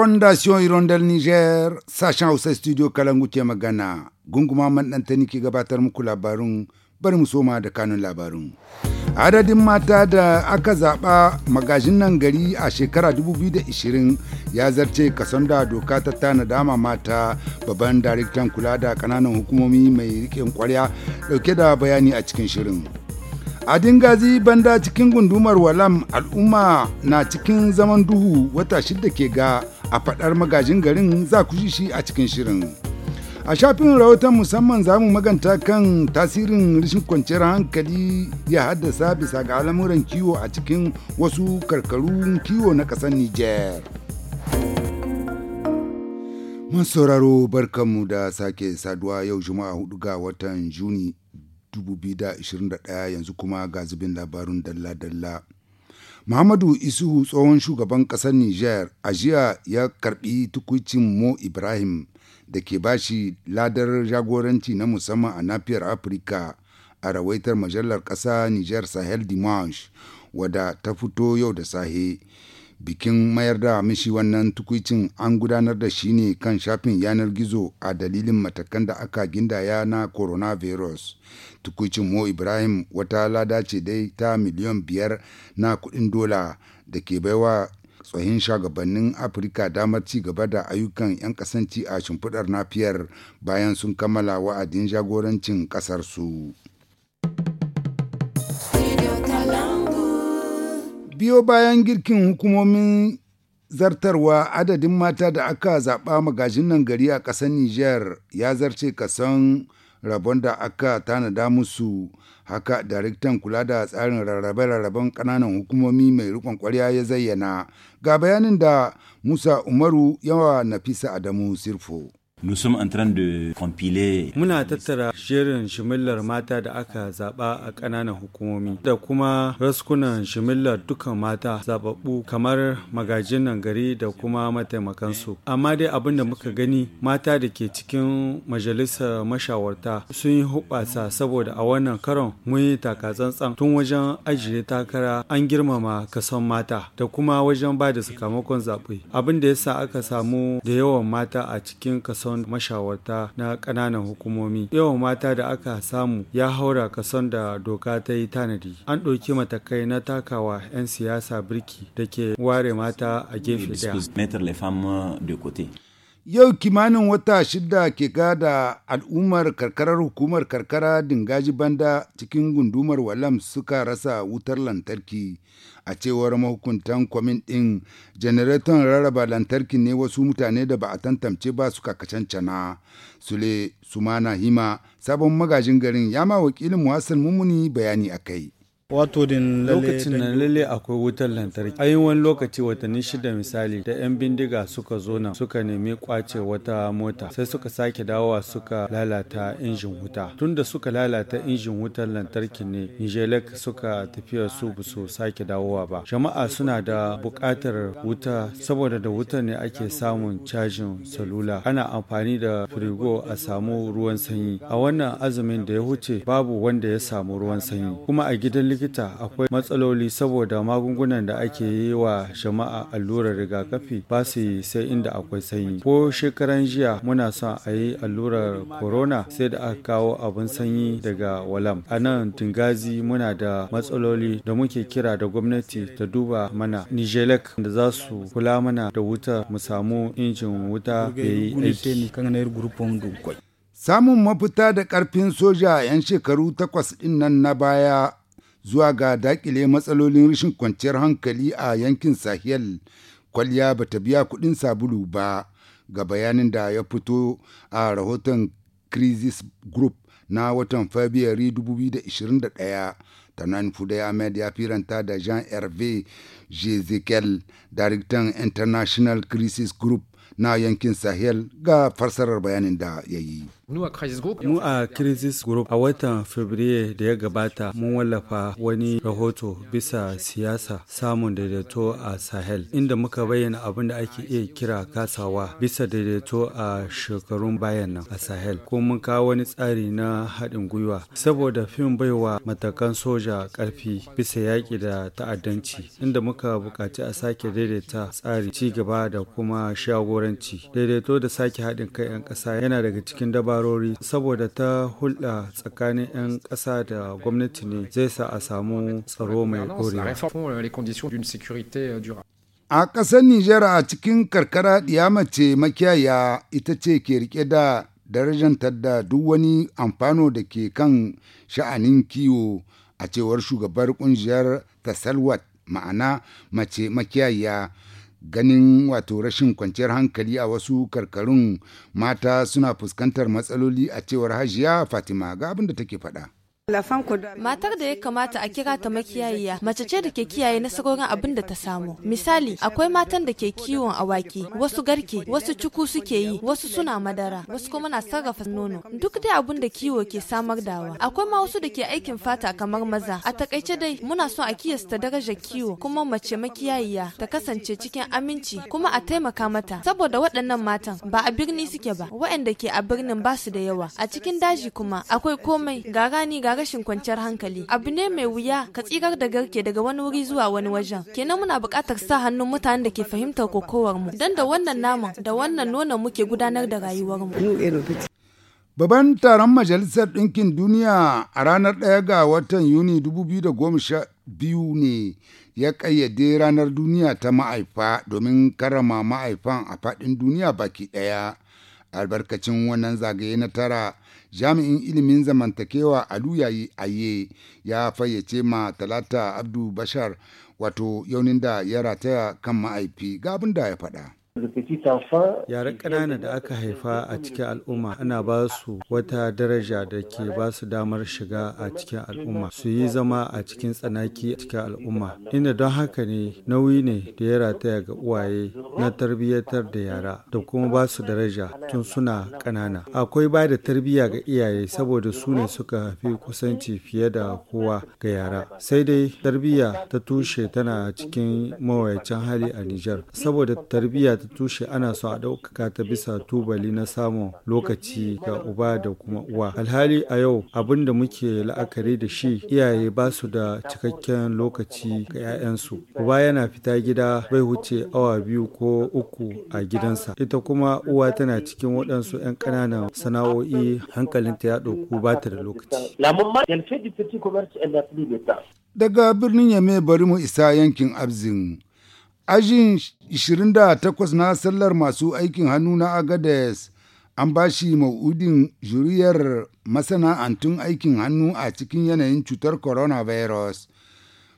fondation irondel niger sashen hausa studio kalangu ke magana gunguma maɗantani ki gabatar muku labarun bari mu soma da kanun labarun adadin mata da aka zaɓa magajin nan gari a shekara 2020 ya zarce kason da doka ta tana dama mata babban daraktan kula da kananan hukumomi mai riƙen kwarya ɗauke da bayani a cikin shirin Adin Gazi banda cikin gundumar walam al'umma na cikin zaman duhu wata shidda ke ga a faɗar magajin garin za ku ji shi a cikin shirin. A shafin rahoton musamman za mu maganta kan tasirin rashin kwanciyar hankali ya haddasa bisa ga al'amuran kiwo a cikin wasu karkarun kiwo na ƙasar Nijar. mun sauraro barkanmu da sake saduwa yau Juma'a hudu ga watan Juni 2021 yanzu kuma ga zubin labarun dalla-dalla. Muhammadu Isuhu tsohon shugaban ƙasar Nijar a jiya ya karɓi tukucin Mo Ibrahim da ke bashi ladar jagoranci na musamman a nafiyar Afirka a rawaitar majalar ƙasa Nijar Sahel Dimanche wada ta fito yau da sahe. bikin mayar da mishi wannan tukuicin an gudanar da shi ne kan shafin yanar gizo a dalilin matakan da aka gindaya na coronavirus tukuicin mo ibrahim wata lada ce dai ta miliyan biyar na kudin dola da ke baiwa tsohin shugabannin afirka damar ci gaba da ayyukan 'yan kasanci a shimfiɗar nafiyar bayan sun kammala wa'adin jagorancin kasarsu. biyo bayan girkin hukumomin zartarwa adadin mata da aka zaɓa magajin nan gari a ƙasar Nijar ya zarce kason rabon da aka tanada musu haka daraktan kula da tsarin rarrabe-rarraben ƙananan hukumomi mai rikon ƙwarya ya zayyana ga bayanin da Musa Umaru yawa Nafisa Adamu Sirfo. compiler. Muna tattara shirin shimillar mata da aka zaba a ƙananan hukumomi da kuma raskunan shimillar dukkan mata zaɓaɓɓu kamar magajin nan gari da kuma mataimakansu. Amma dai abin da muka gani mata da ke cikin majalisar mashawarta sun yi huɓasa saboda a wannan karon mun yi takatsantsan tun wajen ajiye takara an girmama kason mata da kuma wajen ba da sakamakon zaɓe. Abin da yasa aka samu da yawan mata a cikin kason kason mashawarta na ƙananan hukumomi yawan mata da aka samu ya haura kason da doka ta yi tanadi an ɗauki matakai na takawa 'yan siyasa birki da ke ware mata a gefe daya Yau kimanin wata shida ke gada al'ummar karkarar hukumar karkara dingaji banda cikin gundumar walam suka rasa wutar lantarki a cewar mahukuntan kwamin ɗin janareton rarraba lantarki ne wasu mutane da ba a tantance ba suka kacancana. Sule Sumana Hima sabon magajin garin ya ma wakilin Muhassan mummuni bayani a kai. wato din lokacin nan lalle akwai wutar lantarki ayi wani lokaci watanni shida misali da yan bindiga suka zo na. suka nemi kwace wata mota sai suka sake dawowa suka lalata injin wuta tunda suka lalata injin wutar lantarki ne nijelek suka tafiya su su sake dawowa ba jama'a suna da buƙatar wuta saboda da wuta ne ake samun cajin salula ana amfani da firigo a samu ruwan sanyi a wannan azumin da ya huce babu wanda ya samu ruwan sanyi kuma a gidan likita akwai matsaloli saboda magungunan da ake yi wa jama'a allurar rigakafi ba su yi sai inda akwai sanyi. Ko shekaran jiya muna son a yi allurar corona sai da aka kawo abin sanyi daga walam. A nan Tingazi muna da matsaloli da muke kira da gwamnati ta duba mana Nijelek da za su kula mana da wuta mu samu injin wuta ya yi aiki. Samun mafita da karfin soja 'yan shekaru takwas ɗin nan na baya zuwa ga dakile matsalolin rashin kwanciyar hankali a yankin sahel kwalliya ba ta biya kuɗin sabulu ba ga bayanin da ya fito a rahoton crisis group na watan fabiyari 2021 ta fudai ahmed ya firanta da jean hervé jezekiel international crisis group na yankin sahel ga fassarar bayanin da ya yi Mu a Crisis Group a watan Fabrairu da ya gabata mun wallafa wani rahoto bisa siyasa samun daidaito a Sahel inda muka bayyana abin da ake iya kira kasawa bisa daidaito a shekarun bayan nan a Sahel ko mun kawo wani tsari na haɗin gwiwa saboda fim baiwa matakan soja ƙarfi bisa yaƙi da ta'addanci inda muka buƙaci a sake daidaita tsari ci gaba da kuma shagoranci daidaito da sake haɗin kai 'yan ƙasa yana daga cikin daba asarori saboda ta hulɗa tsakanin 'yan ƙasa da gwamnati ne zai sa a samu tsaro mai ɗorewa. Euh, a ƙasar Nijar a cikin karkara ɗiya mace makiyaya ita ce ke rike da darajantar da duk wani amfano da ke kan sha'anin kiwo a cewar shugabar ƙungiyar Tasalwat ma'ana mace makiyaya. ganin wato rashin kwanciyar hankali a wasu karkarun mata suna fuskantar matsaloli a cewar hajiya fatima ga abin da take faɗa. Matar da ya kamata a kira ta makiyayiya mace ce da ke kiyaye nasarorin abin da ta samu. Misali, akwai matan da ke kiwon awaki, wasu garke, wasu cuku suke yi, wasu suna madara, wasu kuma na sarrafa nono. Duk dai abin da kiwo ke samar dawa. Akwai ma wasu da ke aikin fata kamar maza. A takaice dai muna son a kiyasta darajar kiwo kuma mace makiyayiya ta kasance cikin aminci kuma a taimaka mata saboda waɗannan matan ba a birni suke ba waɗanda ke a birnin ba su da yawa a cikin daji kuma akwai komai ga rani ga rashin kwanciyar hankali abu ne mai wuya ka tsirar da garke daga wani wuri zuwa wani wajen kenan muna buƙatar sa hannun mutanen da ke fahimtar kokowar mu dan da wannan naman da wannan nonon muke gudanar da rayuwar mu Babban taron Majalisar Ɗinkin Duniya a ranar ɗaya ga watan Yuni 2012 ne ya ƙayyade ranar duniya ta ma'aifa domin karama ma'aifan a faɗin duniya baki ɗaya. Albarkacin wannan zagaye na tara jami'in ilimin zamantakewa aluyayi aye ya fayyace ma talata abdu bashar wato yaunin da ya rataya kan ma'aifi ga abin da ya faɗa. Yaran ƙanana da aka haifa a cikin al'umma ana ba su wata daraja da ke ba su damar shiga a cikin al'umma su yi zama a cikin tsanaki a cikin al'umma. Inda don haka ne nauyi ne da ya rataya ga uwaye na tarbiyyatar da yara da kuma ba su daraja tun suna ƙanana. Akwai ba da tarbiyya ga iyaye saboda su ne suka fi kusanci fiye da kowa ga yara. Sai dai tarbiyya ta tushe tana cikin mawayacin hali a Nijar saboda tarbiyya ta tushe ana so a ɗaukaka ta bisa tubali na samun lokaci ga uba da kuma uwa alhali a yau abin da muke la'akari da shi iyaye ba su da cikakken lokaci ga 'ya'yansu uba yana fita gida bai wuce awa biyu ko uku a gidansa ita kuma uwa tana cikin waɗansu 'yan ƙananan sana'o'i hankalinta ya ɗauku ba ta da lokaci daga birnin yame bari mu isa yankin abzin Ajin 28 na sallar masu aikin hannu na Agades an ba shi ma'udin juriyar masana'antun aikin hannu a cikin yanayin cutar coronavirus.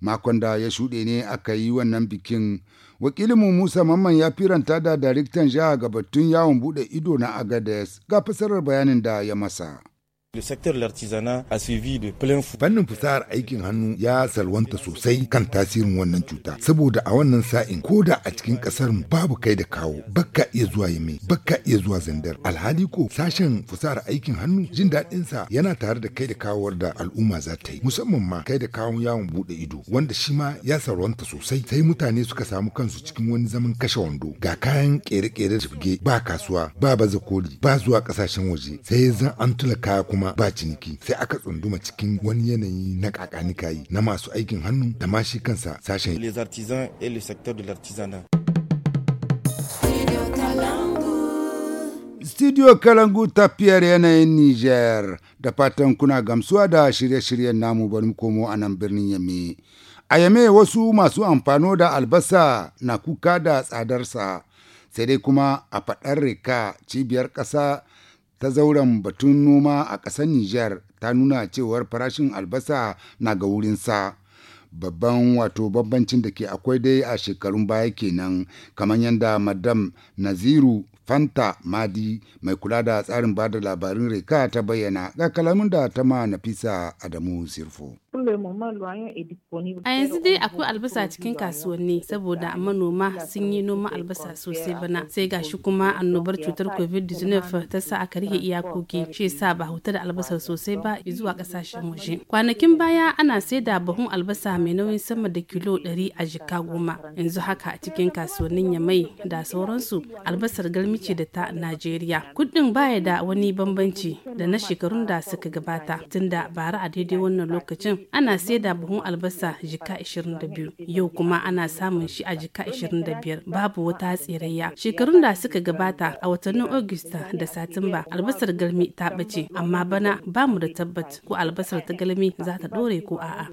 Makon da ya shuɗe ne aka yi wannan bikin. Wakilinmu Musa Mamman ya firanta da daraktan jiha gabatun yawon buɗe ido na Agades ga fasarar bayanin da ya masa. Fannin fusahar aikin hannu ya salwanta sosai kan tasirin wannan cuta, saboda a wannan sa'in ko da a cikin ƙasar babu kai da kawo, bakka iya zuwa yame, bakka iya zuwa zandar. Alhali ko sashen fusahar aikin hannu jin daɗinsa yana tare da kai da kawowar da al'umma za ta yi, musamman ma kai da kawon yawon buɗe ido, wanda shi ma ya salwanta sosai. Sai mutane suka samu kansu cikin wani zaman kashe wando, ga kayan ƙere da jibge, ba kasuwa, ba baza koli, ba zuwa ƙasashen waje, sai zan an tula kaya kuma kuma ba ciniki sai aka tsunduma cikin wani yanayi na kakanikayi na masu aikin hannu da ma shi kansa sashen les artisans et le secteur de l'artisanat Studio Kalangu tafiyar yanayin Niger da fatan kuna gamsuwa da shirye-shiryen namu bari komo a nan birnin Yame. A Yame wasu masu amfano da albasa na kuka da tsadarsa, sai dai kuma a faɗar rika cibiyar ƙasa ta zauren batun noma a ƙasar Nijar ta nuna cewar farashin albasa na ga wurin sa Babban wato bambancin da ke akwai dai a shekarun baya kenan kamar yadda Madam Naziru Fanta Madi mai kula da tsarin bada labarin Reka ta bayyana ga kalamin da ta ma Nafisa Adamu Sirfo. A yanzu dai akwai albasa cikin kasuwanni saboda manoma sun yi noma albasa sosai bana sai gashi kuma annobar cutar COVID-19 ta sa aka rike iyakoki shi sa ba huta da albasar sosai ba zuwa kasashen waje. Kwanakin baya ana sai da buhun albasa mai nauyin sama da kilo 100 a jika goma yanzu haka a cikin kasuwannin yamai da sauransu albasar garmi ce da ta Najeriya. Kudin baya da wani bambanci da na shekarun da suka gabata tunda bara a daidai wannan lokacin ana da buhun albasa jika 22 yau kuma ana samun shi a jika 25 babu wata tsirayya shekarun da suka gabata a watannin augusta da satumba albasar galmi ta bace amma bana ba mu da tabbat ko albasar ta galmi za ta dore ko a'a.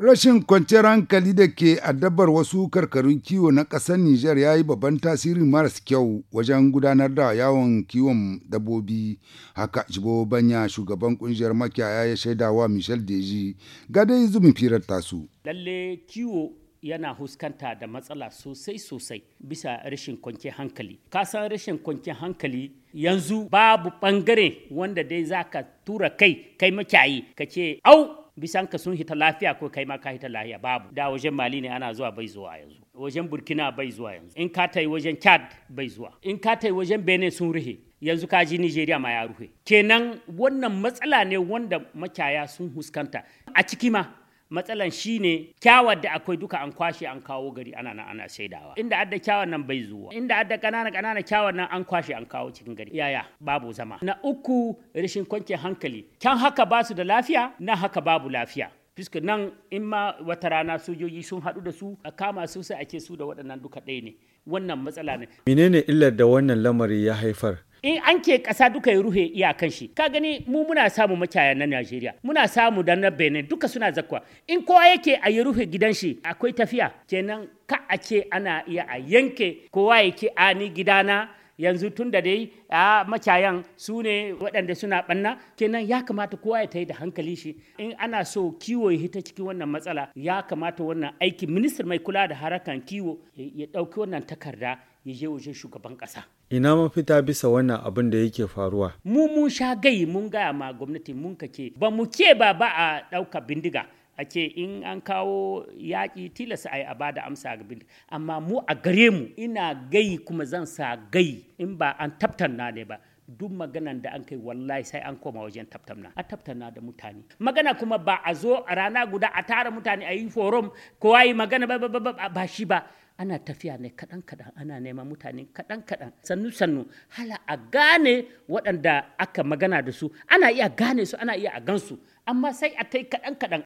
Rashin kwanciyar hankali da ke addabar wasu karkarun kiwo na ƙasar Nijar ya yi babban tasiri maras kyau wajen gudanar da yawon kiwon dabbobi. Haka Jibo Banya shugaban kungiyar makiyaya ya shaida wa Michel Deji gadai izumin firar tasu. Lalle kiwo yana huskanta da matsala sosai sosai bisa rashin kwanciyar hankali. Kasan rashin kwanciyar hankali yanzu babu bangare wanda dai zaka tura kai kai makiyayi ka ce au ka sun hita lafiya ko kai ma ka hita lafiya babu da wajen mali ne ana zuwa bai zuwa yanzu wajen burkina bai zuwa yanzu in ka tai wajen chad bai zuwa in ka tai wajen benin sun ruhe yanzu ka ji nigeria ma ya ruhe kenan wannan matsala ne wanda makiyaya sun huskanta a ciki ma matsalan shi ne kyawar da akwai duka an kwashe an kawo gari ana nan ana saidawa inda adda kyawar nan bai zuwa inda adda kanana kanana kyawar nan an kwashe an kawo cikin gari yaya babu zama na uku rashin kwanke hankali kyan haka ba su da lafiya na haka babu lafiya fiskar nan in ma wata rana sojoji sun haɗu da su a kama su sai ake su da waɗannan duka ɗaya ne wannan matsala ne menene illar da wannan lamari ya haifar in an ke ƙasa duka ya ruhe iyakan shi ka gani mu muna samu makiyaya na Najeriya muna samu da na Benin duka suna zakwa in kowa yake a ya ruhe gidan shi akwai tafiya kenan ka a ce ana iya a yanke kowa yake a ni gidana yanzu tun da dai a makiyayan su ne waɗanda suna ɓanna kenan ya kamata kowa ya ta da hankali shi in ana so kiwo ya hita cikin wannan matsala ya kamata wannan aiki ministan mai kula da harakan kiwo ya ɗauki wannan takarda ya je wajen shugaban ƙasa. Ina mafita bisa wannan abin da yake faruwa. Mu mun sha gai mun gaya ma gwamnati mun kake ba mu ke ba ba a ɗauka bindiga a ake in an kawo yaƙi tilas a yi a ba da amsa ga bindiga amma mu a gare mu ina gai kuma zan sa gai in ba an tabtanna ne ba duk maganan da an kai wallahi sai an koma wajen taftamna a taftamna da mutane magana kuma ba a zo a rana guda a tara mutane a yi forum kowa yi magana ba ba ba ba shi ba ana tafiya ne kaɗan kaɗan ana neman mutane kaɗan kaɗan sannu sannu hala a gane waɗanda aka magana da su ana iya gane su ana iya a gansu amma sai a ta yi kaɗan kaɗan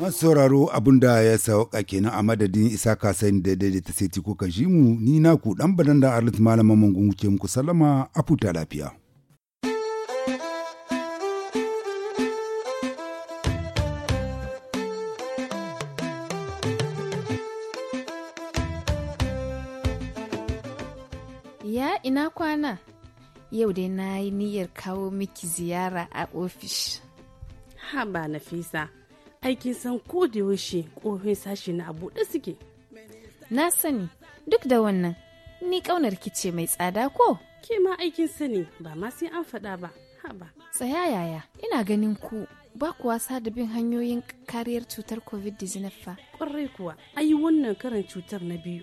masu sauraro abun da ya sauka kenan a madadin isa kasayin da daidai ta sai kuka ji mu ni na ku dan badan da arlit malaman mangungu muku salama a futa lafiya Ya ina kwana? Yau dai na yi niyyar kawo miki ziyara a ofis. Ha ba Nafisa, aikin san ko da yaushe ƙofin sashi na buɗe suke. Na sani, duk da wannan, ni ƙaunar kice mai tsada ko? Ke ma aikin sani ba ma sai an faɗa ba, ha ba. Tsaya yaya, ina ganin ku ba ku wasa da bin hanyoyin kariyar cutar covid-19 fa. Ƙwarai kuwa, ayi wannan karin cutar na biyu.